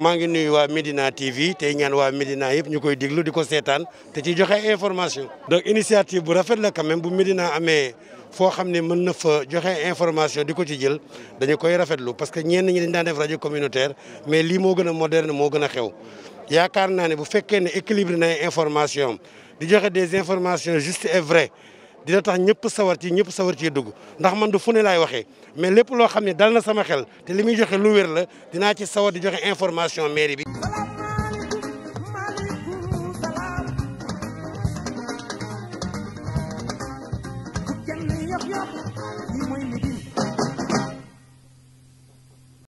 maa ngi nuyu waa Médina TV te ñaan waa Médina yëpp ñu koy déglu di ko seetaan te ci joxe information. donc initiative bu rafet la quand même bu Médina amee foo xam ne mën na fa joxe information di ko ci jël dañu koy rafetlu parce que ñenn ñi dañ daan def rajo communautaire mais lii moo gën a moderne moo gën a xew. yaakaar naa ne bu fekkee ne équilibre na information di joxe des informations juste et vraies dina tax ñëpp sawar ci ñëpp sawar ci dugg ndax man du fu ne laay waxee mais lépp loo xam ne dal na sama xel te li muy joxe lu wér la dinaa ci sawar di joxe information mairie bi.